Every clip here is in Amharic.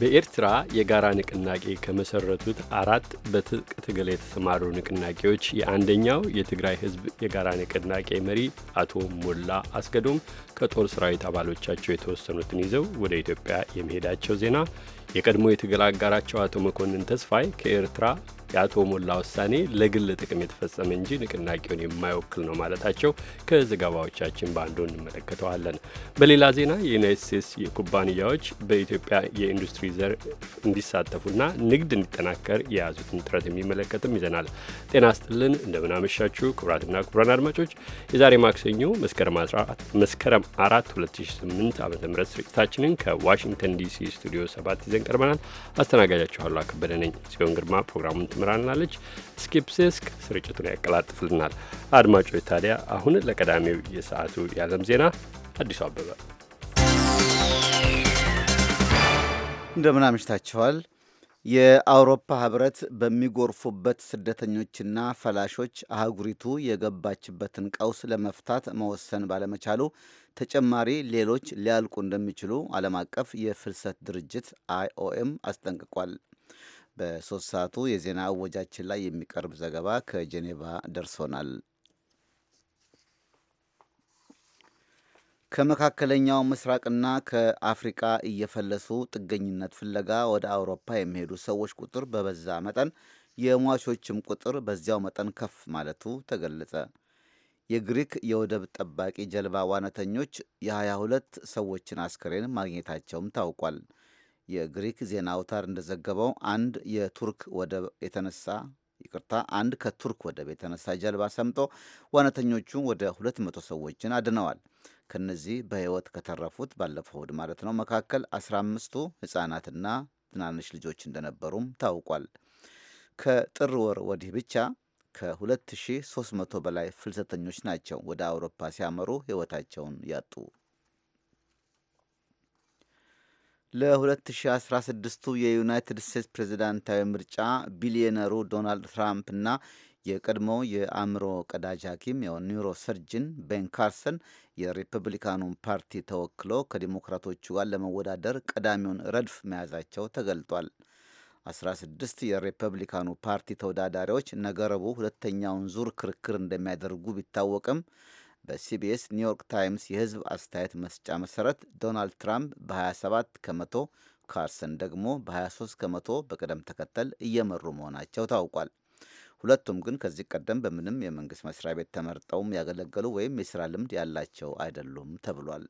በኤርትራ የጋራ ንቅናቄ ከመሰረቱት አራት በትጥቅ ትግል የተሰማሩ ንቅናቄዎች የአንደኛው የትግራይ ሕዝብ የጋራ ንቅናቄ መሪ አቶ ሞላ አስገዶም ከጦር ሰራዊት አባሎቻቸው የተወሰኑትን ይዘው ወደ ኢትዮጵያ የመሄዳቸው ዜና የቀድሞ የትግል አጋራቸው አቶ መኮንን ተስፋይ ከኤርትራ የአቶ ሞላ ውሳኔ ለግል ጥቅም የተፈጸመ እንጂ ንቅናቄውን የማይወክል ነው ማለታቸው ከዘገባዎቻችን በአንዱ እንመለከተዋለን። በሌላ ዜና የዩናይት ስቴትስ የኩባንያዎች በኢትዮጵያ የኢንዱስትሪ ዘር እንዲሳተፉና ንግድ እንዲጠናከር የያዙትን ጥረት የሚመለከትም ይዘናል። ጤና ስጥልን እንደምናመሻችሁ ክቡራትና ክቡራን አድማጮች የዛሬ ማክሰኞ መስከረም 4 2008 ዓ ም ስርጭታችንን ከዋሽንግተን ዲሲ ስቱዲዮ ሰባት ይዘን ቀርበናል። አስተናጋጃችኋሉ አከበደ ነኝ ሲሆን ግርማ ፕሮግራሙን ታስምራናለች። ስኪፕሴስክ ስርጭቱን ያቀላጥፍልናል። አድማጮች ታዲያ አሁን ለቀዳሚው የሰዓቱ የዓለም ዜና አዲሱ አበበ እንደምን አምሽታችኋል። የአውሮፓ ህብረት በሚጎርፉበት ስደተኞችና ፈላሾች አህጉሪቱ የገባችበትን ቀውስ ለመፍታት መወሰን ባለመቻሉ ተጨማሪ ሌሎች ሊያልቁ እንደሚችሉ ዓለም አቀፍ የፍልሰት ድርጅት አይኦኤም አስጠንቅቋል። በሶስት ሰዓቱ የዜና እወጃችን ላይ የሚቀርብ ዘገባ ከጄኔቫ ደርሶናል። ከመካከለኛው ምስራቅና ከአፍሪቃ እየፈለሱ ጥገኝነት ፍለጋ ወደ አውሮፓ የሚሄዱ ሰዎች ቁጥር በበዛ መጠን የሟቾችም ቁጥር በዚያው መጠን ከፍ ማለቱ ተገለጸ። የግሪክ የወደብ ጠባቂ ጀልባ ዋናተኞች የ22 ሰዎችን አስክሬን ማግኘታቸውም ታውቋል። የግሪክ ዜና አውታር እንደዘገበው አንድ የቱርክ ወደብ የተነሳ ይቅርታ፣ አንድ ከቱርክ ወደብ የተነሳ ጀልባ ሰምጦ ዋናተኞቹ ወደ 200 ሰዎችን አድነዋል። ከነዚህ በህይወት ከተረፉት ባለፈው እሁድ ማለት ነው መካከል 15ቱ ህጻናትና ትናንሽ ልጆች እንደነበሩም ታውቋል። ከጥር ወር ወዲህ ብቻ ከ2300 በላይ ፍልሰተኞች ናቸው ወደ አውሮፓ ሲያመሩ ህይወታቸውን ያጡ። ለ2016ቱ የዩናይትድ ስቴትስ ፕሬዝዳንታዊ ምርጫ ቢሊዮነሩ ዶናልድ ትራምፕ እና የቀድሞ የአእምሮ ቀዳጅ ሐኪም የኒውሮ ሰርጅን ቤን ካርሰን የሪፐብሊካኑን ፓርቲ ተወክሎ ከዲሞክራቶቹ ጋር ለመወዳደር ቀዳሚውን ረድፍ መያዛቸው ተገልጧል። 16 የሪፐብሊካኑ ፓርቲ ተወዳዳሪዎች ነገረቡ ሁለተኛውን ዙር ክርክር እንደሚያደርጉ ቢታወቅም በሲቢኤስ ኒውዮርክ ታይምስ የህዝብ አስተያየት መስጫ መሰረት ዶናልድ ትራምፕ በ27 ከመቶ ካርሰን ደግሞ በ23 ከመቶ በቅደም ተከተል እየመሩ መሆናቸው ታውቋል። ሁለቱም ግን ከዚህ ቀደም በምንም የመንግስት መስሪያ ቤት ተመርጠውም ያገለገሉ ወይም የስራ ልምድ ያላቸው አይደሉም ተብሏል።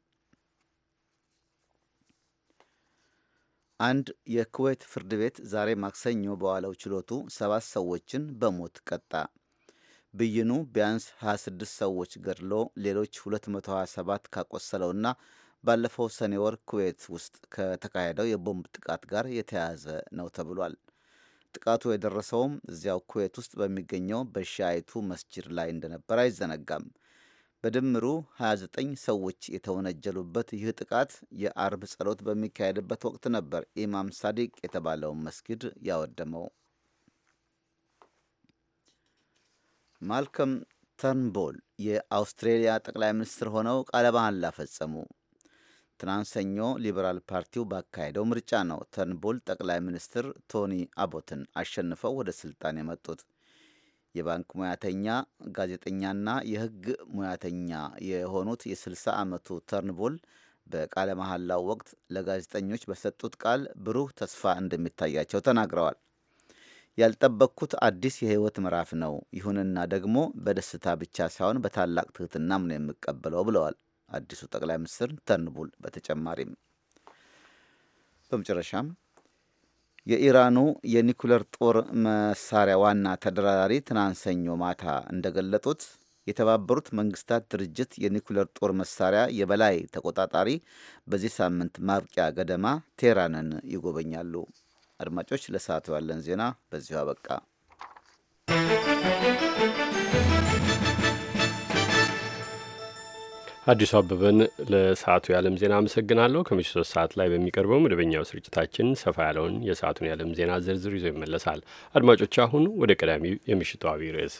አንድ የኩዌት ፍርድ ቤት ዛሬ ማክሰኞ በዋለው ችሎቱ ሰባት ሰዎችን በሞት ቀጣ። ብይኑ ቢያንስ 26 ሰዎች ገድሎ ሌሎች 227 ካቆሰለውና ባለፈው ሰኔ ወር ኩዌት ውስጥ ከተካሄደው የቦምብ ጥቃት ጋር የተያያዘ ነው ተብሏል። ጥቃቱ የደረሰውም እዚያው ኩዌት ውስጥ በሚገኘው በሻይቱ መስጂድ ላይ እንደነበር አይዘነጋም። በድምሩ 29 ሰዎች የተወነጀሉበት ይህ ጥቃት የአርብ ጸሎት በሚካሄድበት ወቅት ነበር ኢማም ሳዲቅ የተባለውን መስጊድ ያወደመው። ማልከም ተርንቦል የአውስትሬሊያ ጠቅላይ ሚኒስትር ሆነው ቃለ መሐላ ፈጸሙ። ትናንት ሰኞ ሊበራል ፓርቲው ባካሄደው ምርጫ ነው ተርንቦል ጠቅላይ ሚኒስትር ቶኒ አቦትን አሸንፈው ወደ ስልጣን የመጡት። የባንክ ሙያተኛ ጋዜጠኛና የሕግ ሙያተኛ የሆኑት የ60 ዓመቱ ተርንቦል በቃለ መሐላው ወቅት ለጋዜጠኞች በሰጡት ቃል ብሩህ ተስፋ እንደሚታያቸው ተናግረዋል። ያልጠበቅኩት አዲስ የህይወት ምዕራፍ ነው። ይሁንና ደግሞ በደስታ ብቻ ሳይሆን በታላቅ ትህትናም ነው የምቀበለው ብለዋል አዲሱ ጠቅላይ ሚኒስትር ተንቡል። በተጨማሪም በመጨረሻም የኢራኑ የኒኩለር ጦር መሳሪያ ዋና ተደራዳሪ ትናንት ሰኞ ማታ እንደገለጡት የተባበሩት መንግስታት ድርጅት የኒኩለር ጦር መሳሪያ የበላይ ተቆጣጣሪ በዚህ ሳምንት ማብቂያ ገደማ ቴህራንን ይጎበኛሉ። አድማጮች ለሰዓቱ ያለን ዜና በዚሁ አበቃ። አዲሱ አበበን ለሰዓቱ የዓለም ዜና አመሰግናለሁ። ከምሽቱ ሶስት ሰዓት ላይ በሚቀርበው መደበኛው ስርጭታችን ሰፋ ያለውን የሰዓቱን የዓለም ዜና ዝርዝር ይዞ ይመለሳል። አድማጮች አሁን ወደ ቀዳሚው የምሽቱ አብይ ርዕስ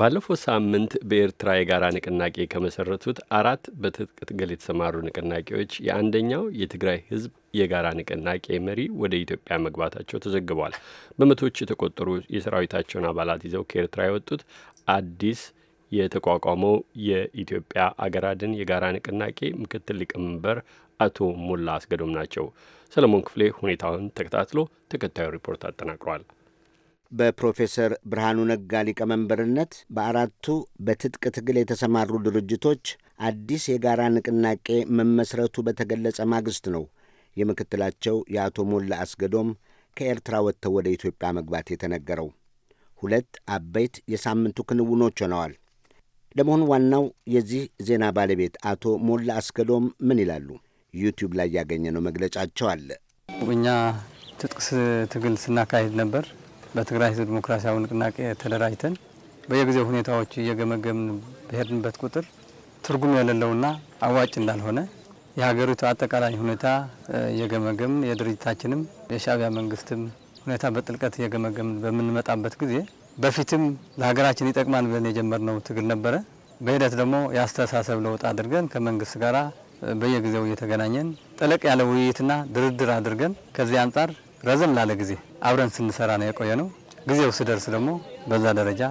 ባለፈው ሳምንት በኤርትራ የጋራ ንቅናቄ ከመሰረቱት አራት በትጥቅ ትግል የተሰማሩ ንቅናቄዎች የአንደኛው የትግራይ ሕዝብ የጋራ ንቅናቄ መሪ ወደ ኢትዮጵያ መግባታቸው ተዘግቧል። በመቶዎች የተቆጠሩ የሰራዊታቸውን አባላት ይዘው ከኤርትራ የወጡት አዲስ የተቋቋመው የኢትዮጵያ አገር የጋራ ንቅናቄ ምክትል ሊቀመንበር አቶ ሞላ አስገዶም ናቸው። ሰለሞን ክፍሌ ሁኔታውን ተከታትሎ ተከታዩ ሪፖርት አጠናቅሯል። በፕሮፌሰር ብርሃኑ ነጋ ሊቀመንበርነት በአራቱ በትጥቅ ትግል የተሰማሩ ድርጅቶች አዲስ የጋራ ንቅናቄ መመስረቱ በተገለጸ ማግስት ነው የምክትላቸው የአቶ ሞላ አስገዶም ከኤርትራ ወጥተው ወደ ኢትዮጵያ መግባት የተነገረው። ሁለት አበይት የሳምንቱ ክንውኖች ሆነዋል። ለመሆኑ ዋናው የዚህ ዜና ባለቤት አቶ ሞላ አስገዶም ምን ይላሉ? ዩቲዩብ ላይ ያገኘነው መግለጫቸው አለ። እኛ ትጥቅ ትግል ስናካሄድ ነበር በትግራይ ህዝብ ዲሞክራሲያዊ ንቅናቄ ተደራጅተን በየጊዜው ሁኔታዎች እየገመገምን በሄድንበት ቁጥር ትርጉም የሌለውና አዋጭ እንዳልሆነ የሀገሪቱ አጠቃላይ ሁኔታ እየገመገምን የድርጅታችንም የሻዕቢያ መንግስትም ሁኔታ በጥልቀት እየገመገምን በምንመጣበት ጊዜ በፊትም ለሀገራችን ይጠቅማን ብለን የጀመርነው ትግል ነበረ። በሂደት ደግሞ የአስተሳሰብ ለውጥ አድርገን ከመንግስት ጋር በየጊዜው እየተገናኘን ጠለቅ ያለ ውይይትና ድርድር አድርገን ከዚህ አንጻር ረዘም ላለ ጊዜ አብረን ስንሰራ ነው የቆየ ነው። ጊዜው ስደርስ ደግሞ በዛ ደረጃ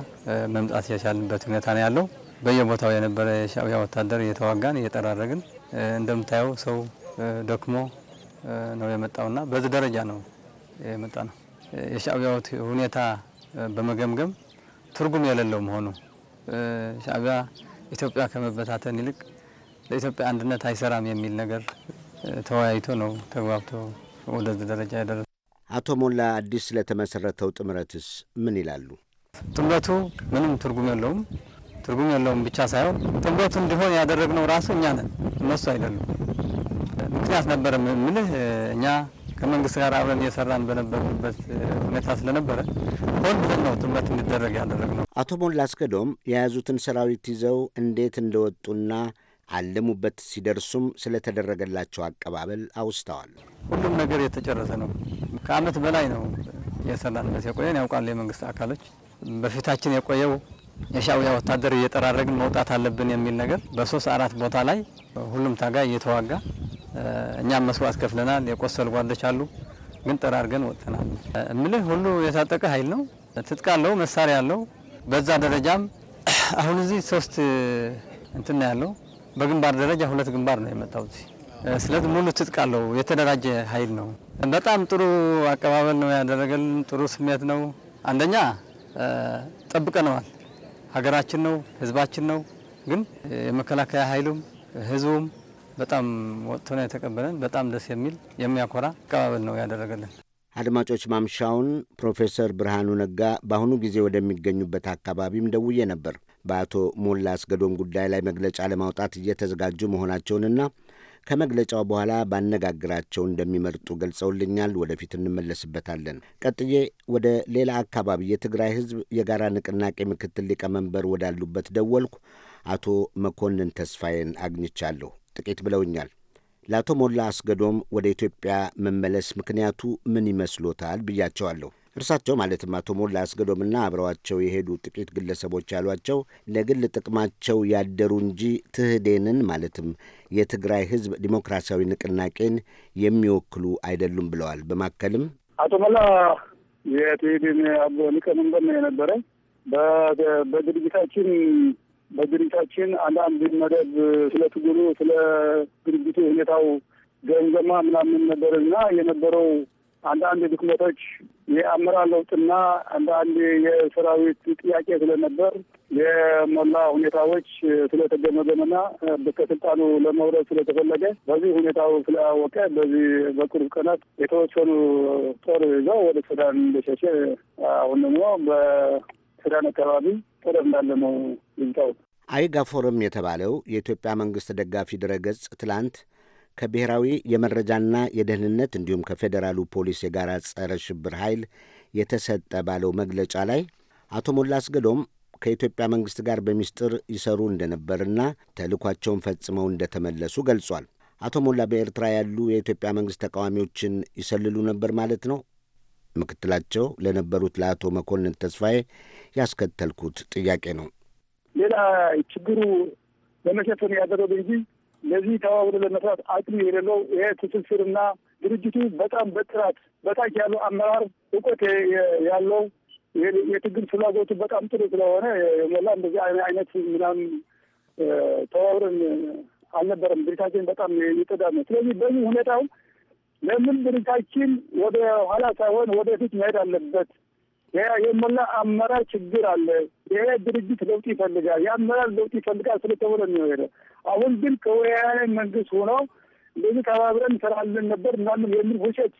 መምጣት የቻልንበት ሁኔታ ነው ያለው። በየቦታው የነበረ የሻዕቢያ ወታደር እየተዋጋን እየጠራረግን፣ እንደምታየው ሰው ደክሞ ነው የመጣውና በዚህ ደረጃ ነው የመጣ ነው። የሻዕቢያ ሁኔታ በመገምገም ትርጉም የሌለው መሆኑ ሻዕቢያ ኢትዮጵያ ከመበታተን ይልቅ ለኢትዮጵያ አንድነት አይሰራም የሚል ነገር ተወያይቶ ነው ተግባብቶ ወደዚህ ደረጃ ያደረሰ። አቶ ሞላ አዲስ ስለተመሰረተው ጥምረትስ ምን ይላሉ? ጥምረቱ ምንም ትርጉም የለውም። ትርጉም የለውም ብቻ ሳይሆን ጥምረቱ እንዲሆን ያደረግነው ራሱ እኛ ነን፣ እነሱ አይደሉም። ምክንያት ነበር ምልህ እኛ ከመንግስት ጋር አብረን እየሰራን በነበርንበት ሁኔታ ስለነበረ ሆን ብለን ነው ጥምረት እንዲደረግ ያደረግነው። አቶ ሞላ አስገዶም የያዙትን ሰራዊት ይዘው እንዴት እንደወጡና አለሙበት ሲደርሱም ስለተደረገላቸው አቀባበል አውስተዋል። ሁሉም ነገር የተጨረሰ ነው። ከአመት በላይ ነው የሰራንበት የቆየን ያውቃሉ የመንግስት አካሎች በፊታችን የቆየው የሻዕቢያ ወታደር እየጠራረግን መውጣት አለብን የሚል ነገር በሶስት አራት ቦታ ላይ ሁሉም ታጋይ እየተዋጋ እኛም መስዋዕት ከፍለናል። የቆሰሉ ጓዶች አሉ፣ ግን ጠራርገን ወጥተናል። እምልህ ሁሉ የታጠቀ ኃይል ነው። ትጥቅ አለው፣ መሳሪያ አለው። በዛ ደረጃም አሁን እዚህ ሶስት እንትና ያለው በግንባር ደረጃ ሁለት ግንባር ነው የመጣሁት። ስለዚህ ሙሉ ትጥቅ አለው፣ የተደራጀ ኃይል ነው። በጣም ጥሩ አቀባበል ነው ያደረገልን፣ ጥሩ ስሜት ነው። አንደኛ ጠብቀነዋል። ሀገራችን ነው፣ ህዝባችን ነው። ግን የመከላከያ ኃይሉም ህዝቡም በጣም ወጥቶ ነው የተቀበለን። በጣም ደስ የሚል የሚያኮራ አቀባበል ነው ያደረገልን። አድማጮች ማምሻውን ፕሮፌሰር ብርሃኑ ነጋ በአሁኑ ጊዜ ወደሚገኙበት አካባቢም ደውዬ ነበር። በአቶ ሞላ አስገዶም ጉዳይ ላይ መግለጫ ለማውጣት እየተዘጋጁ መሆናቸውንና ከመግለጫው በኋላ ባነጋግራቸው እንደሚመርጡ ገልጸውልኛል። ወደፊት እንመለስበታለን። ቀጥዬ ወደ ሌላ አካባቢ የትግራይ ሕዝብ የጋራ ንቅናቄ ምክትል ሊቀመንበር ወዳሉበት ደወልኩ። አቶ መኮንን ተስፋዬን አግኝቻለሁ። ጥቂት ብለውኛል። ለአቶ ሞላ አስገዶም ወደ ኢትዮጵያ መመለስ ምክንያቱ ምን ይመስሎታል ብያቸዋለሁ። እርሳቸው ማለትም አቶ ሞላ አስገዶምና አብረዋቸው የሄዱ ጥቂት ግለሰቦች ያሏቸው ለግል ጥቅማቸው ያደሩ እንጂ ትህዴንን ማለትም የትግራይ ሕዝብ ዲሞክራሲያዊ ንቅናቄን የሚወክሉ አይደሉም ብለዋል። በማከልም አቶ ሞላ የትህዴን ሊቀመንበር ነው የነበረ በድርጅታችን በድርጅታችን አንዳንድ መደብ ስለ ትግሉ ስለ ድርጅቱ ሁኔታው ገምገማ ምናምን ነበር እና የነበረው አንዳንድ ድክመቶች የአመራር ለውጥና አንዳንድ የሰራዊት ጥያቄ ስለነበር የሞላ ሁኔታዎች ስለተገመገመና ከስልጣኑ ለመውረድ ስለተፈለገ በዚህ ሁኔታው ስላወቀ በዚህ በቅርብ ቀናት የተወሰኑ ጦር ይዘው ወደ ሱዳን እንደሸሸ አሁን ደግሞ በሱዳን አካባቢ ጦር እንዳለ ነው ይምታው አይጋፎርም የተባለው የኢትዮጵያ መንግስት ደጋፊ ድረገጽ ትላንት ከብሔራዊ የመረጃና የደህንነት እንዲሁም ከፌዴራሉ ፖሊስ የጋራ ጸረ ሽብር ኃይል የተሰጠ ባለው መግለጫ ላይ አቶ ሞላ አስገዶም ከኢትዮጵያ መንግሥት ጋር በሚስጥር ይሰሩ እንደነበርና ተልኳቸውን ፈጽመው እንደተመለሱ ገልጿል። አቶ ሞላ በኤርትራ ያሉ የኢትዮጵያ መንግሥት ተቃዋሚዎችን ይሰልሉ ነበር ማለት ነው? ምክትላቸው ለነበሩት ለአቶ መኮንን ተስፋዬ ያስከተልኩት ጥያቄ ነው። ሌላ ችግሩ በመሸፈን ያደረገ እንጂ ለዚህ ተዋውሎ ለመስራት አቅም የሌለው ይሄ ትስስርና ድርጅቱ በጣም በጥራት በታች ያለው አመራር እውቀት ያለው የትግል ፍላጎቱ በጣም ጥሩ ስለሆነ የሞላ እንደዚህ አይነት ምናምን ተዋውረን አልነበረም። ድርጅታችን በጣም ይጠዳ ነው። ስለዚህ በዚህ ሁኔታው ለምን ድርጅታችን ወደ ኋላ ሳይሆን ወደፊት መሄድ አለበት የሞላ አመራር ችግር አለ። ይሄ ድርጅት ለውጥ ይፈልጋል፣ የአመራር ለውጥ ይፈልጋል ስለተባለ ነው የሄደ። አሁን ግን ከወያነ መንግስት ሆኖ እንደዚህ ተባብረን እንሰራለን ነበር ምናምን የሚል ውሸት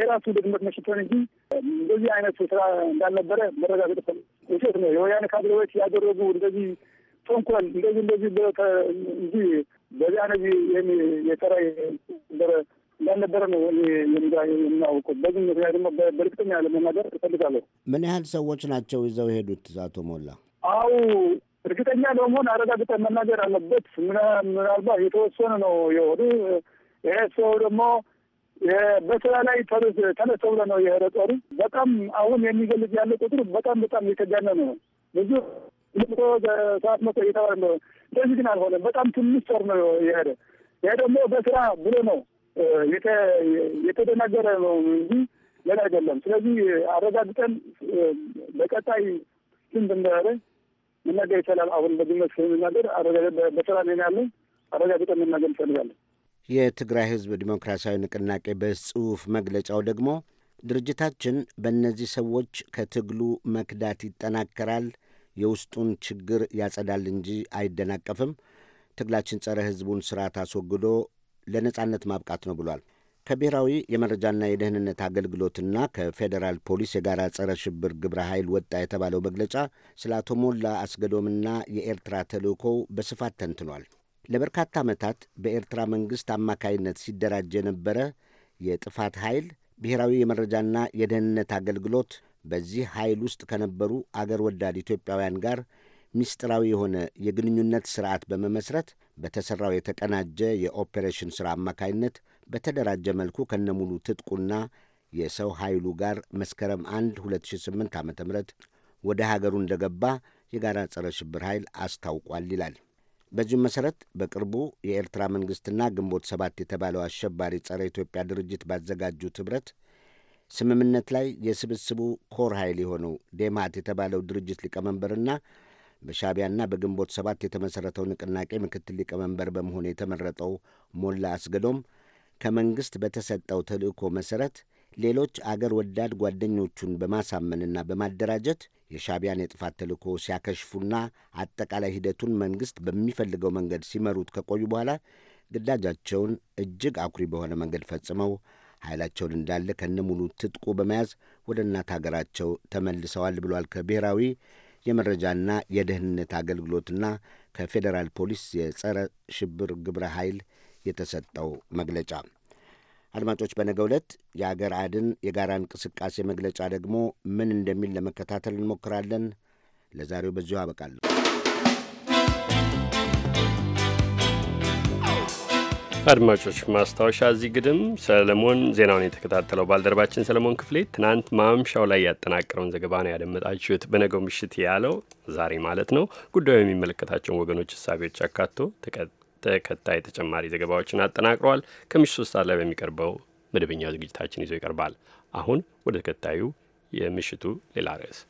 የራሱ ድግመት መሽቶን እንጂ እንደዚህ አይነት ስራ እንዳልነበረ መረጋገጥ ውሸት ነው። የወያነ ካድሬዎች ያደረጉ እንደዚህ ተንኮል እንደዚህ እንደዚህ እንጂ በዚያ ነዚህ የሰራ ነበረ እንዳልነበረ ነው የሚያውቁት። በዚህ ምክንያት ደግሞ በእርግጠኛ ለመናገር እፈልጋለሁ። ምን ያህል ሰዎች ናቸው ይዘው ሄዱት አቶ ሞላ አው እርግጠኛ ለመሆን አረጋግጠን መናገር አለበት። ምናልባት የተወሰነ ነው የሆኑ ይሄ ሰው ደግሞ በስራ ላይ ተነስቶ ብሎ ነው የሄደ ጦሩ። በጣም አሁን የሚገልጽ ያለ ቁጥር በጣም በጣም የተጋነ ነው። ብዙ ሰዓት መቶ እየተባለ ነው። እንደዚህ ግን አልሆነም። በጣም ትንሽ ጦር ነው የሄደ። ይሄ ደግሞ በስራ ብሎ ነው የተደናገረ ነው እንጂ ሌላ አይደለም። ስለዚህ አረጋግጠን በቀጣይ ስንት እንደሆነ መናገር ይቻላል። አሁን በግምት ስንናገር በስራ ላይ ያለን አረጋግጠን መናገር እንፈልጋለን። የትግራይ ህዝብ ዲሞክራሲያዊ ንቅናቄ በጽሁፍ መግለጫው ደግሞ ድርጅታችን በእነዚህ ሰዎች ከትግሉ መክዳት ይጠናከራል፣ የውስጡን ችግር ያጸዳል እንጂ አይደናቀፍም። ትግላችን ጸረ ህዝቡን ስርዓት አስወግዶ ለነጻነት ማብቃት ነው ብሏል። ከብሔራዊ የመረጃና የደህንነት አገልግሎትና ከፌዴራል ፖሊስ የጋራ ጸረ ሽብር ግብረ ኃይል ወጣ የተባለው መግለጫ ስለ አቶ ሞላ አስገዶምና የኤርትራ ተልእኮው በስፋት ተንትኗል። ለበርካታ ዓመታት በኤርትራ መንግሥት አማካይነት ሲደራጅ የነበረ የጥፋት ኃይል ብሔራዊ የመረጃና የደህንነት አገልግሎት በዚህ ኃይል ውስጥ ከነበሩ አገር ወዳድ ኢትዮጵያውያን ጋር ሚስጢራዊ የሆነ የግንኙነት ስርዓት በመመስረት በተሠራው የተቀናጀ የኦፔሬሽን ሥራ አማካይነት በተደራጀ መልኩ ከነሙሉ ትጥቁና የሰው ኃይሉ ጋር መስከረም 1 2008 ዓ ም ወደ ሀገሩ እንደገባ የጋራ ጸረ ሽብር ኃይል አስታውቋል ይላል። በዚሁም መሠረት በቅርቡ የኤርትራ መንግሥትና ግንቦት ሰባት የተባለው አሸባሪ ጸረ ኢትዮጵያ ድርጅት ባዘጋጁት ኅብረት ስምምነት ላይ የስብስቡ ኮር ኃይል የሆነው ዴማት የተባለው ድርጅት ሊቀመንበርና በሻቢያና በግንቦት ሰባት የተመሠረተው ንቅናቄ ምክትል ሊቀመንበር በመሆን የተመረጠው ሞላ አስገዶም ከመንግሥት በተሰጠው ተልእኮ መሠረት ሌሎች አገር ወዳድ ጓደኞቹን በማሳመንና በማደራጀት የሻቢያን የጥፋት ተልእኮ ሲያከሽፉና አጠቃላይ ሂደቱን መንግሥት በሚፈልገው መንገድ ሲመሩት ከቆዩ በኋላ ግዳጃቸውን እጅግ አኩሪ በሆነ መንገድ ፈጽመው ኃይላቸውን እንዳለ ከነሙሉ ትጥቁ በመያዝ ወደ እናት ሀገራቸው ተመልሰዋል ብሏል ከብሔራዊ የመረጃና የደህንነት አገልግሎትና ከፌዴራል ፖሊስ የጸረ ሽብር ግብረ ኃይል የተሰጠው መግለጫ። አድማጮች፣ በነገው ዕለት የአገር አድን የጋራ እንቅስቃሴ መግለጫ ደግሞ ምን እንደሚል ለመከታተል እንሞክራለን። ለዛሬው በዚሁ አበቃለሁ። አድማጮች ማስታወሻ እዚህ ግድም ሰለሞን ዜናውን የተከታተለው ባልደረባችን ሰለሞን ክፍሌ ትናንት ማምሻው ላይ ያጠናቀረውን ዘገባ ነው ያደመጣችሁት። በነገው ምሽት ያለው ዛሬ ማለት ነው። ጉዳዩ የሚመለከታቸውን ወገኖች እሳቢዎች አካቶ ተከታይ ተጨማሪ ዘገባዎችን አጠናቅረዋል። ከምሽት ሶስት ሰዓት ላይ በሚቀርበው መደበኛ ዝግጅታችን ይዞ ይቀርባል። አሁን ወደ ተከታዩ የምሽቱ ሌላ ርዕስ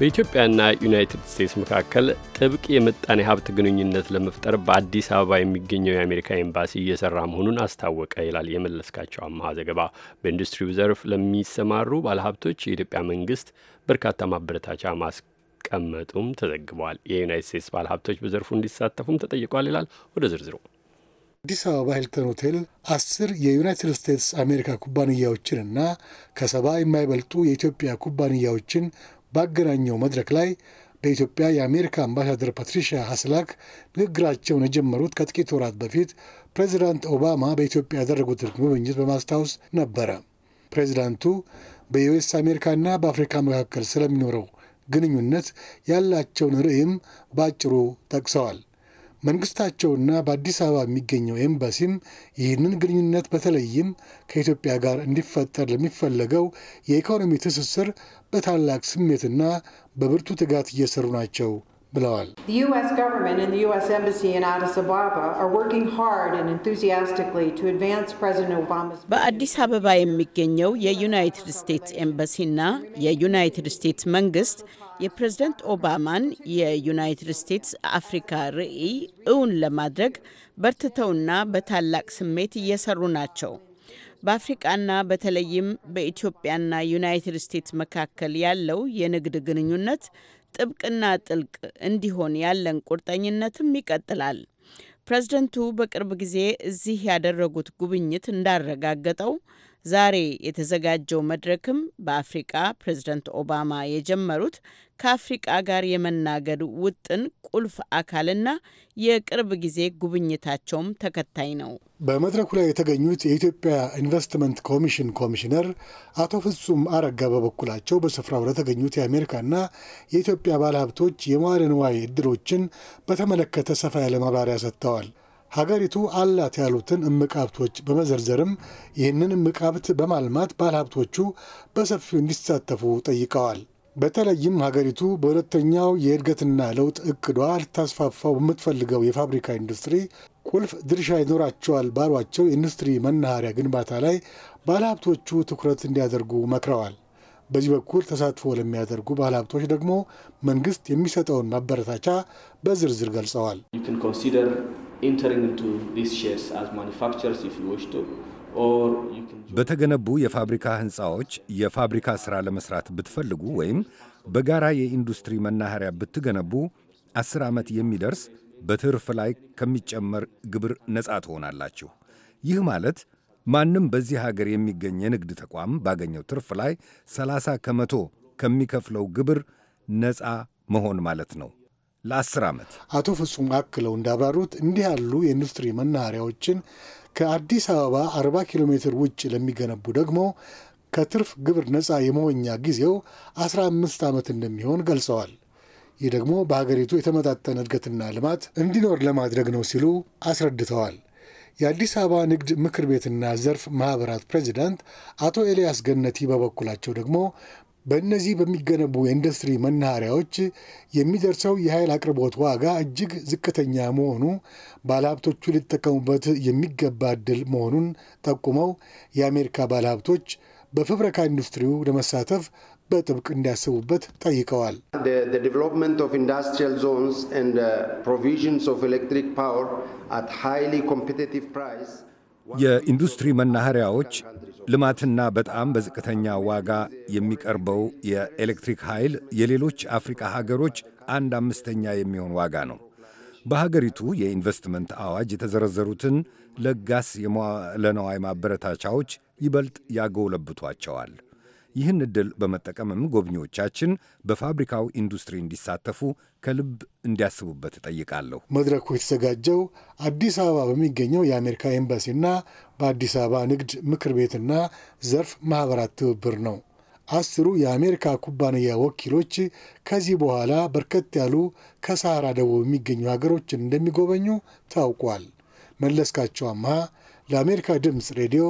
በኢትዮጵያና ዩናይትድ ስቴትስ መካከል ጥብቅ የምጣኔ ሀብት ግንኙነት ለመፍጠር በአዲስ አበባ የሚገኘው የአሜሪካ ኤምባሲ እየሰራ መሆኑን አስታወቀ ይላል የመለስካቸው አማሃ ዘገባ። በኢንዱስትሪው ዘርፍ ለሚሰማሩ ባለሀብቶች የኢትዮጵያ መንግስት በርካታ ማበረታቻ ማስቀመጡም ተዘግቧል። የዩናይትድ ስቴትስ ባለሀብቶች በዘርፉ እንዲሳተፉም ተጠይቋል ይላል። ወደ ዝርዝሩ አዲስ አበባ ሂልተን ሆቴል አስር የዩናይትድ ስቴትስ አሜሪካ ኩባንያዎችንና ከሰባ የማይበልጡ የኢትዮጵያ ኩባንያዎችን ባገናኘው መድረክ ላይ በኢትዮጵያ የአሜሪካ አምባሳደር ፓትሪሺያ ሀስላክ ንግግራቸውን የጀመሩት ከጥቂት ወራት በፊት ፕሬዚዳንት ኦባማ በኢትዮጵያ ያደረጉትን ጉብኝት በማስታወስ ነበረ። ፕሬዚዳንቱ በዩኤስ አሜሪካና በአፍሪካ መካከል ስለሚኖረው ግንኙነት ያላቸውን ርዕይም በአጭሩ ጠቅሰዋል። መንግስታቸውና በአዲስ አበባ የሚገኘው ኤምባሲም ይህንን ግንኙነት በተለይም ከኢትዮጵያ ጋር እንዲፈጠር ለሚፈለገው የኢኮኖሚ ትስስር በታላቅ ስሜትና በብርቱ ትጋት እየሰሩ ናቸው ብለዋል። በአዲስ አበባ የሚገኘው የዩናይትድ ስቴትስ ኤምባሲና የዩናይትድ ስቴትስ መንግስት የፕሬዝደንት ኦባማን የዩናይትድ ስቴትስ አፍሪካ ራዕይ እውን ለማድረግ በርትተውና በታላቅ ስሜት እየሰሩ ናቸው። በአፍሪቃና በተለይም በኢትዮጵያና ዩናይትድ ስቴትስ መካከል ያለው የንግድ ግንኙነት ጥብቅና ጥልቅ እንዲሆን ያለን ቁርጠኝነትም ይቀጥላል። ፕሬዝደንቱ በቅርብ ጊዜ እዚህ ያደረጉት ጉብኝት እንዳረጋገጠው ዛሬ የተዘጋጀው መድረክም በአፍሪቃ ፕሬዝደንት ኦባማ የጀመሩት ከአፍሪቃ ጋር የመናገድ ውጥን ቁልፍ አካልና የቅርብ ጊዜ ጉብኝታቸውም ተከታይ ነው። በመድረኩ ላይ የተገኙት የኢትዮጵያ ኢንቨስትመንት ኮሚሽን ኮሚሽነር አቶ ፍጹም አረጋ በበኩላቸው በስፍራው ለተገኙት የአሜሪካና የኢትዮጵያ ባለሀብቶች የመዋለ ንዋይ እድሎችን በተመለከተ ሰፋ ያለ ማብራሪያ ሰጥተዋል። ሀገሪቱ አላት ያሉትን እምቅ ሀብቶች በመዘርዘርም ይህንን እምቅ ሀብት በማልማት ባለሀብቶቹ በሰፊው እንዲሳተፉ ጠይቀዋል። በተለይም ሀገሪቱ በሁለተኛው የእድገትና ለውጥ እቅዷ ልታስፋፋው በምትፈልገው የፋብሪካ ኢንዱስትሪ ቁልፍ ድርሻ ይኖራቸዋል ባሏቸው የኢንዱስትሪ መናኸሪያ ግንባታ ላይ ባለሀብቶቹ ትኩረት እንዲያደርጉ መክረዋል። በዚህ በኩል ተሳትፎ ለሚያደርጉ ባለሀብቶች ደግሞ መንግስት የሚሰጠውን ማበረታቻ በዝርዝር ገልጸዋል። entering into these shares as manufacturers if you wish to. በተገነቡ የፋብሪካ ህንፃዎች የፋብሪካ ሥራ ለመሥራት ብትፈልጉ ወይም በጋራ የኢንዱስትሪ መናኸሪያ ብትገነቡ አስር ዓመት የሚደርስ በትርፍ ላይ ከሚጨመር ግብር ነፃ ትሆናላችሁ። ይህ ማለት ማንም በዚህ ሀገር የሚገኝ የንግድ ተቋም ባገኘው ትርፍ ላይ 30 ከመቶ ከሚከፍለው ግብር ነፃ መሆን ማለት ነው። ለአስር ዓመት። አቶ ፍጹም አክለው እንዳብራሩት እንዲህ ያሉ የኢንዱስትሪ መናኸሪያዎችን ከአዲስ አበባ 40 ኪሎ ሜትር ውጭ ለሚገነቡ ደግሞ ከትርፍ ግብር ነፃ የመሆኛ ጊዜው 15 ዓመት እንደሚሆን ገልጸዋል። ይህ ደግሞ በሀገሪቱ የተመጣጠነ እድገትና ልማት እንዲኖር ለማድረግ ነው ሲሉ አስረድተዋል። የአዲስ አበባ ንግድ ምክር ቤትና ዘርፍ ማህበራት ፕሬዚዳንት አቶ ኤልያስ ገነቲ በበኩላቸው ደግሞ በእነዚህ በሚገነቡ የኢንዱስትሪ መናኸሪያዎች የሚደርሰው የኃይል አቅርቦት ዋጋ እጅግ ዝቅተኛ መሆኑ ባለሀብቶቹ ሊጠቀሙበት የሚገባ እድል መሆኑን ጠቁመው የአሜሪካ ባለሀብቶች በፍብረካ ኢንዱስትሪው ለመሳተፍ በጥብቅ እንዲያስቡበት ጠይቀዋል። የኢንዱስትሪ መናኸሪያዎች ልማትና በጣም በዝቅተኛ ዋጋ የሚቀርበው የኤሌክትሪክ ኃይል የሌሎች አፍሪካ ሀገሮች አንድ አምስተኛ የሚሆን ዋጋ ነው። በሀገሪቱ የኢንቨስትመንት አዋጅ የተዘረዘሩትን ለጋስ የመዋዕለ ማበረታቻዎች ይበልጥ ያጎለብቷቸዋል። ይህን ዕድል በመጠቀምም ጎብኚዎቻችን በፋብሪካው ኢንዱስትሪ እንዲሳተፉ ከልብ እንዲያስቡበት እጠይቃለሁ። መድረኩ የተዘጋጀው አዲስ አበባ በሚገኘው የአሜሪካ ኤምባሲና በአዲስ አበባ ንግድ ምክር ቤትና ዘርፍ ማኅበራት ትብብር ነው። አስሩ የአሜሪካ ኩባንያ ወኪሎች ከዚህ በኋላ በርከት ያሉ ከሰሃራ ደቡብ የሚገኙ ሀገሮችን እንደሚጎበኙ ታውቋል። መለስካቸው አምሃ ለአሜሪካ ድምፅ ሬዲዮ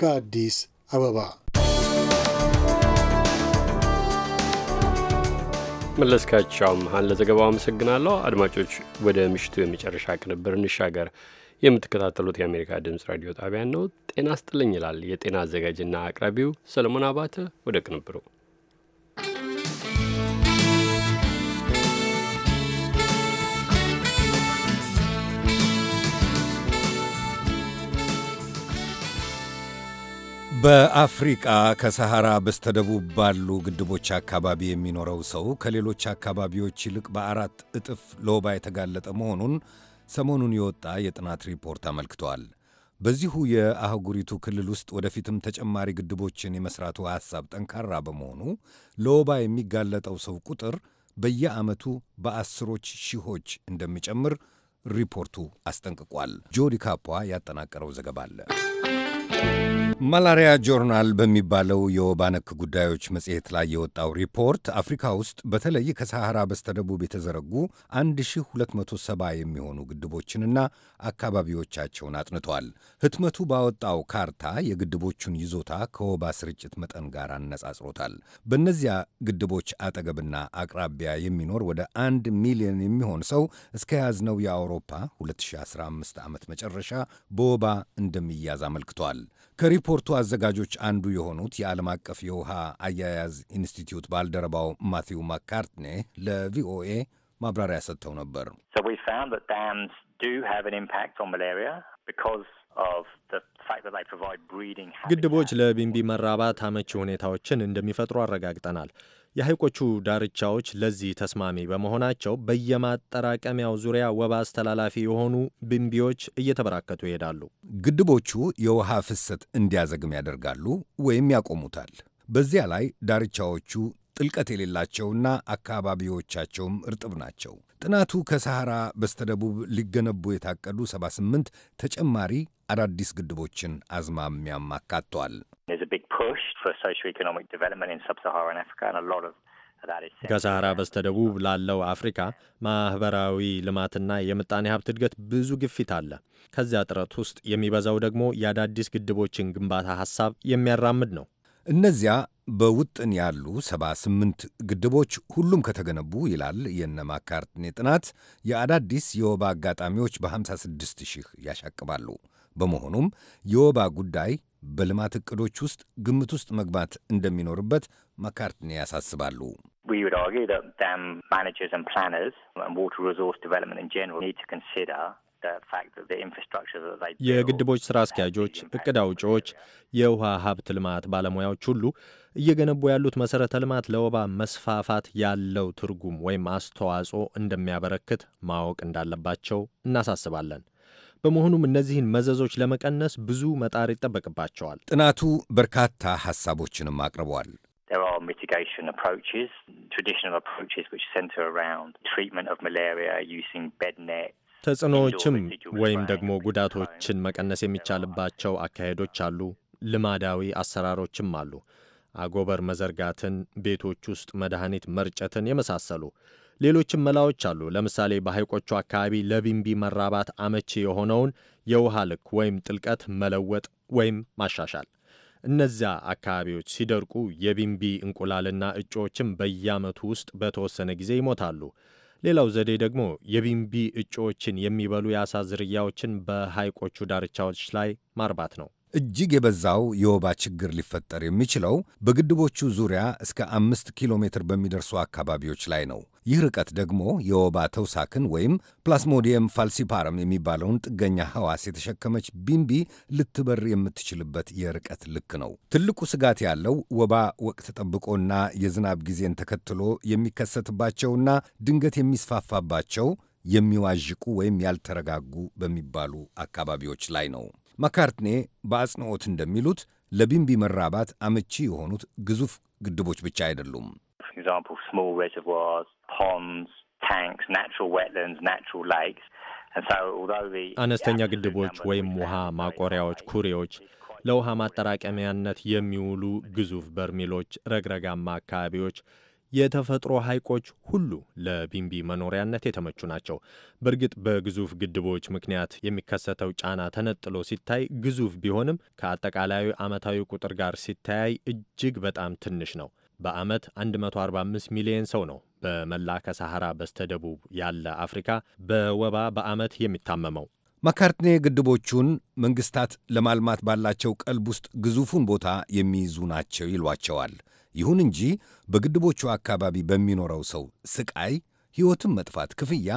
ከአዲስ አበባ መለስካቸው አምሃን ለዘገባው አመሰግናለሁ። አድማጮች ወደ ምሽቱ የመጨረሻ ቅንብር እንሻገር። የምትከታተሉት የአሜሪካ ድምፅ ራዲዮ ጣቢያን ነው። ጤና ስጥልኝ ይላል የጤና አዘጋጅና አቅራቢው ሰለሞን አባተ። ወደ ቅንብሩ በአፍሪቃ ከሰሐራ በስተደቡብ ባሉ ግድቦች አካባቢ የሚኖረው ሰው ከሌሎች አካባቢዎች ይልቅ በአራት እጥፍ ለወባ የተጋለጠ መሆኑን ሰሞኑን የወጣ የጥናት ሪፖርት አመልክቷል። በዚሁ የአህጉሪቱ ክልል ውስጥ ወደፊትም ተጨማሪ ግድቦችን የመስራቱ ሐሳብ ጠንካራ በመሆኑ ለወባ የሚጋለጠው ሰው ቁጥር በየዓመቱ በአስሮች ሺዎች እንደሚጨምር ሪፖርቱ አስጠንቅቋል። ጆዲ ካፖ ያጠናቀረው ዘገባ አለ። ማላሪያ ጆርናል በሚባለው የወባ ነክ ጉዳዮች መጽሔት ላይ የወጣው ሪፖርት አፍሪካ ውስጥ በተለይ ከሳሐራ በስተደቡብ የተዘረጉ 1270 የሚሆኑ ግድቦችንና አካባቢዎቻቸውን አጥንቷል። ህትመቱ ባወጣው ካርታ የግድቦቹን ይዞታ ከወባ ስርጭት መጠን ጋር አነጻጽሮታል። በእነዚያ ግድቦች አጠገብና አቅራቢያ የሚኖር ወደ አንድ ሚሊዮን የሚሆን ሰው እስከ ያዝነው የአውሮፓ 2015 ዓመት መጨረሻ በወባ እንደሚያዝ አመልክቷል። ከሪፖርቱ አዘጋጆች አንዱ የሆኑት የዓለም አቀፍ የውሃ አያያዝ ኢንስቲትዩት ባልደረባው ማቲው ማካርትኔ ለቪኦኤ ማብራሪያ ሰጥተው ነበር። ግድቦች ለቢንቢ መራባት አመቺ ሁኔታዎችን እንደሚፈጥሩ አረጋግጠናል። የሐይቆቹ ዳርቻዎች ለዚህ ተስማሚ በመሆናቸው በየማጠራቀሚያው ዙሪያ ወባ አስተላላፊ የሆኑ ብንቢዎች እየተበራከቱ ይሄዳሉ። ግድቦቹ የውሃ ፍሰት እንዲያዘግም ያደርጋሉ ወይም ያቆሙታል። በዚያ ላይ ዳርቻዎቹ ጥልቀት የሌላቸውና አካባቢዎቻቸውም እርጥብ ናቸው። ጥናቱ ከሰሐራ በስተደቡብ ሊገነቡ የታቀዱ 78 ተጨማሪ አዳዲስ ግድቦችን አዝማሚያም አካቷል። ከሳህራ በስተደቡብ ላለው አፍሪካ ማኅበራዊ ልማትና የምጣኔ ሀብት እድገት ብዙ ግፊት አለ። ከዚያ ጥረት ውስጥ የሚበዛው ደግሞ የአዳዲስ ግድቦችን ግንባታ ሐሳብ የሚያራምድ ነው። እነዚያ በውጥን ያሉ 78 ግድቦች ሁሉም ከተገነቡ ይላል የነ ማካርትኔ ጥናት የአዳዲስ የወባ አጋጣሚዎች በ56 ሺህ ያሻቅባሉ። በመሆኑም የወባ ጉዳይ በልማት እቅዶች ውስጥ ግምት ውስጥ መግባት እንደሚኖርበት መካርትኒ ያሳስባሉ። የግድቦች ስራ አስኪያጆች፣ እቅድ አውጪዎች፣ የውሃ ሀብት ልማት ባለሙያዎች ሁሉ እየገነቡ ያሉት መሰረተ ልማት ለወባ መስፋፋት ያለው ትርጉም ወይም አስተዋጽኦ እንደሚያበረክት ማወቅ እንዳለባቸው እናሳስባለን። በመሆኑም እነዚህን መዘዞች ለመቀነስ ብዙ መጣር ይጠበቅባቸዋል። ጥናቱ በርካታ ሐሳቦችንም አቅርቧል። ተጽዕኖዎችም ወይም ደግሞ ጉዳቶችን መቀነስ የሚቻልባቸው አካሄዶች አሉ። ልማዳዊ አሰራሮችም አሉ። አጎበር መዘርጋትን፣ ቤቶች ውስጥ መድኃኒት መርጨትን የመሳሰሉ ሌሎችም መላዎች አሉ። ለምሳሌ በሐይቆቹ አካባቢ ለቢንቢ መራባት አመቺ የሆነውን የውሃ ልክ ወይም ጥልቀት መለወጥ ወይም ማሻሻል። እነዚያ አካባቢዎች ሲደርቁ የቢንቢ እንቁላልና እጩዎችም በየዓመቱ ውስጥ በተወሰነ ጊዜ ይሞታሉ። ሌላው ዘዴ ደግሞ የቢንቢ እጩዎችን የሚበሉ የአሳ ዝርያዎችን በሐይቆቹ ዳርቻዎች ላይ ማርባት ነው። እጅግ የበዛው የወባ ችግር ሊፈጠር የሚችለው በግድቦቹ ዙሪያ እስከ አምስት ኪሎ ሜትር በሚደርሱ አካባቢዎች ላይ ነው። ይህ ርቀት ደግሞ የወባ ተውሳክን ወይም ፕላስሞዲየም ፋልሲፓረም የሚባለውን ጥገኛ ሕዋስ የተሸከመች ቢምቢ ልትበር የምትችልበት የርቀት ልክ ነው። ትልቁ ስጋት ያለው ወባ ወቅት ጠብቆና የዝናብ ጊዜን ተከትሎ የሚከሰትባቸውና ድንገት የሚስፋፋባቸው የሚዋዥቁ ወይም ያልተረጋጉ በሚባሉ አካባቢዎች ላይ ነው። ማካርትኔ በአጽንኦት እንደሚሉት ለቢምቢ መራባት አመቺ የሆኑት ግዙፍ ግድቦች ብቻ አይደሉም። example, small reservoirs, ponds, ታንክስ ናቹራል ዌትላንድስ ናቹራል ላይክስ አነስተኛ ግድቦች ወይም ውሃ ማቆሪያዎች፣ ኩሬዎች፣ ለውሃ ማጠራቀሚያነት የሚውሉ ግዙፍ በርሜሎች፣ ረግረጋማ አካባቢዎች፣ የተፈጥሮ ሐይቆች ሁሉ ለቢምቢ መኖሪያነት የተመቹ ናቸው። በእርግጥ በግዙፍ ግድቦች ምክንያት የሚከሰተው ጫና ተነጥሎ ሲታይ ግዙፍ ቢሆንም ከአጠቃላዩ ዓመታዊ ቁጥር ጋር ሲተያይ እጅግ በጣም ትንሽ ነው። በዓመት 145 ሚሊዮን ሰው ነው በመላ ከሳሐራ በስተደቡብ ያለ አፍሪካ በወባ በዓመት የሚታመመው። ማካርትኔ ግድቦቹን መንግሥታት ለማልማት ባላቸው ቀልብ ውስጥ ግዙፉን ቦታ የሚይዙ ናቸው ይሏቸዋል። ይሁን እንጂ በግድቦቹ አካባቢ በሚኖረው ሰው ስቃይ፣ ሕይወትም መጥፋት፣ ክፍያ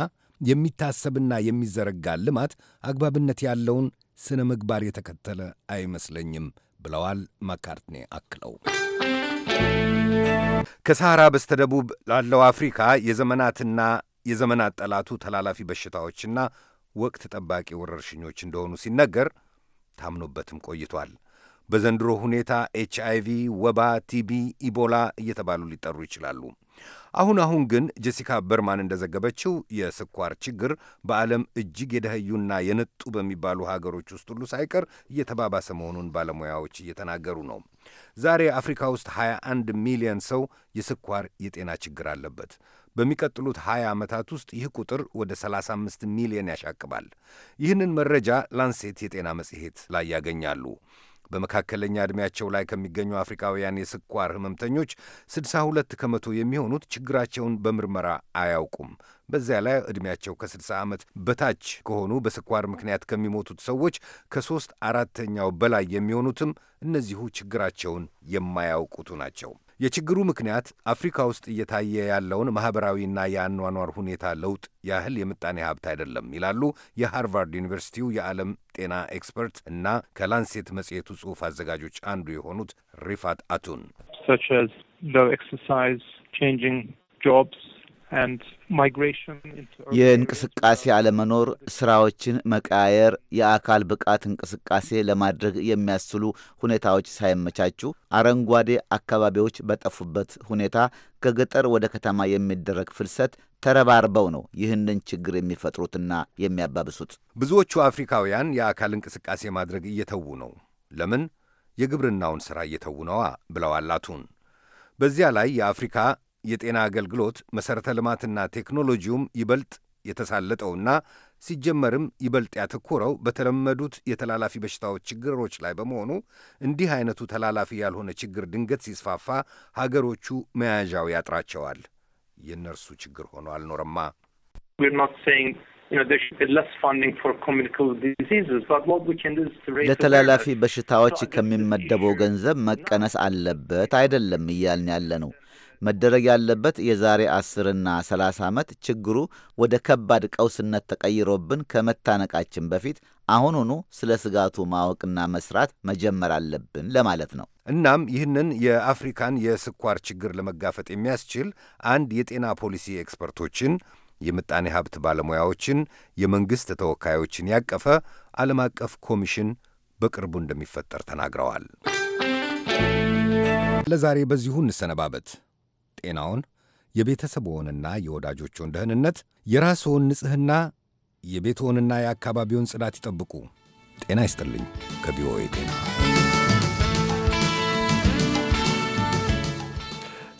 የሚታሰብና የሚዘረጋ ልማት አግባብነት ያለውን ስነ ምግባር የተከተለ አይመስለኝም ብለዋል ማካርትኔ አክለው ከሰሃራ በስተደቡብ ላለው አፍሪካ የዘመናትና የዘመናት ጠላቱ ተላላፊ በሽታዎችና ወቅት ጠባቂ ወረርሽኞች እንደሆኑ ሲነገር ታምኖበትም ቆይቷል። በዘንድሮ ሁኔታ ኤች ቪ ወባ፣ ቲቢ፣ ኢቦላ እየተባሉ ሊጠሩ ይችላሉ። አሁን አሁን ግን ጄሲካ በርማን እንደዘገበችው የስኳር ችግር በዓለም እጅግ የደህዩና የነጡ በሚባሉ ሀገሮች ውስጥ ሁሉ ሳይቀር እየተባባሰ መሆኑን ባለሙያዎች እየተናገሩ ነው። ዛሬ አፍሪካ ውስጥ 21 ሚሊዮን ሰው የስኳር የጤና ችግር አለበት። በሚቀጥሉት 20 ዓመታት ውስጥ ይህ ቁጥር ወደ 35 ሚሊዮን ያሻቅባል። ይህንን መረጃ ላንሴት የጤና መጽሔት ላይ ያገኛሉ። በመካከለኛ ዕድሜያቸው ላይ ከሚገኙ አፍሪካውያን የስኳር ህመምተኞች 62 ከመቶ የሚሆኑት ችግራቸውን በምርመራ አያውቁም። በዚያ ላይ ዕድሜያቸው ከ60 ዓመት በታች ከሆኑ በስኳር ምክንያት ከሚሞቱት ሰዎች ከሦስት አራተኛው በላይ የሚሆኑትም እነዚሁ ችግራቸውን የማያውቁቱ ናቸው። የችግሩ ምክንያት አፍሪካ ውስጥ እየታየ ያለውን ማኅበራዊና የአኗኗር ሁኔታ ለውጥ ያህል የምጣኔ ሀብት አይደለም ይላሉ የሃርቫርድ ዩኒቨርሲቲው የዓለም ጤና ኤክስፐርት እና ከላንሴት መጽሔቱ ጽሑፍ አዘጋጆች አንዱ የሆኑት ሪፋት አቱን ጆብስ የእንቅስቃሴ አለመኖር፣ ስራዎችን መቀያየር፣ የአካል ብቃት እንቅስቃሴ ለማድረግ የሚያስችሉ ሁኔታዎች ሳይመቻቹ አረንጓዴ አካባቢዎች በጠፉበት ሁኔታ ከገጠር ወደ ከተማ የሚደረግ ፍልሰት ተረባርበው ነው ይህንን ችግር የሚፈጥሩትና የሚያባብሱት። ብዙዎቹ አፍሪካውያን የአካል እንቅስቃሴ ማድረግ እየተዉ ነው። ለምን? የግብርናውን ሥራ እየተዉ ነዋ ብለዋል አቱን። በዚያ ላይ የአፍሪካ የጤና አገልግሎት መሠረተ ልማትና ቴክኖሎጂውም ይበልጥ የተሳለጠውና ሲጀመርም ይበልጥ ያተኮረው በተለመዱት የተላላፊ በሽታዎች ችግሮች ላይ በመሆኑ እንዲህ አይነቱ ተላላፊ ያልሆነ ችግር ድንገት ሲስፋፋ ሀገሮቹ መያዣው ያጥራቸዋል። የእነርሱ ችግር ሆኖ አልኖረማ። ለተላላፊ በሽታዎች ከሚመደበው ገንዘብ መቀነስ አለበት አይደለም እያልን ያለ ነው። መደረግ ያለበት የዛሬ አስርና ና 30 ዓመት ችግሩ ወደ ከባድ ቀውስነት ተቀይሮብን ከመታነቃችን በፊት አሁኑኑ ስለ ስጋቱ ማወቅና መስራት መጀመር አለብን ለማለት ነው። እናም ይህንን የአፍሪካን የስኳር ችግር ለመጋፈጥ የሚያስችል አንድ የጤና ፖሊሲ ኤክስፐርቶችን፣ የምጣኔ ሀብት ባለሙያዎችን፣ የመንግሥት ተወካዮችን ያቀፈ ዓለም አቀፍ ኮሚሽን በቅርቡ እንደሚፈጠር ተናግረዋል። ለዛሬ በዚሁ እንሰነባበት። ጤናውን፣ የቤተሰብዎንና የወዳጆችዎን ደህንነት፣ የራስዎን ንጽሕና፣ የቤትዎንና የአካባቢውን ጽዳት ይጠብቁ። ጤና ይስጥልኝ። ከቪኦኤ ጤና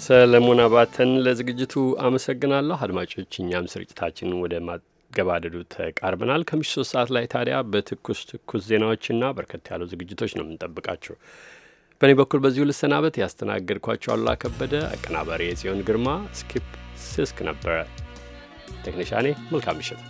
ሰለሞን አባተን ለዝግጅቱ አመሰግናለሁ። አድማጮች፣ እኛም ስርጭታችንን ወደ ማገባደዱ ተቃርበናል። ከምሽቱ ሶስት ሰዓት ላይ ታዲያ በትኩስ ትኩስ ዜናዎችና በርከት ያሉ ዝግጅቶች ነው የምንጠብቃቸው። በእኔ በኩል በዚሁ ልሰናበት። ያስተናገድኳቸው አሉላ ከበደ፣ አቀናባሪ የጽዮን ግርማ፣ ስኪፕ ስስክ ነበረ። ቴክኒሻኔ መልካም ምሽት።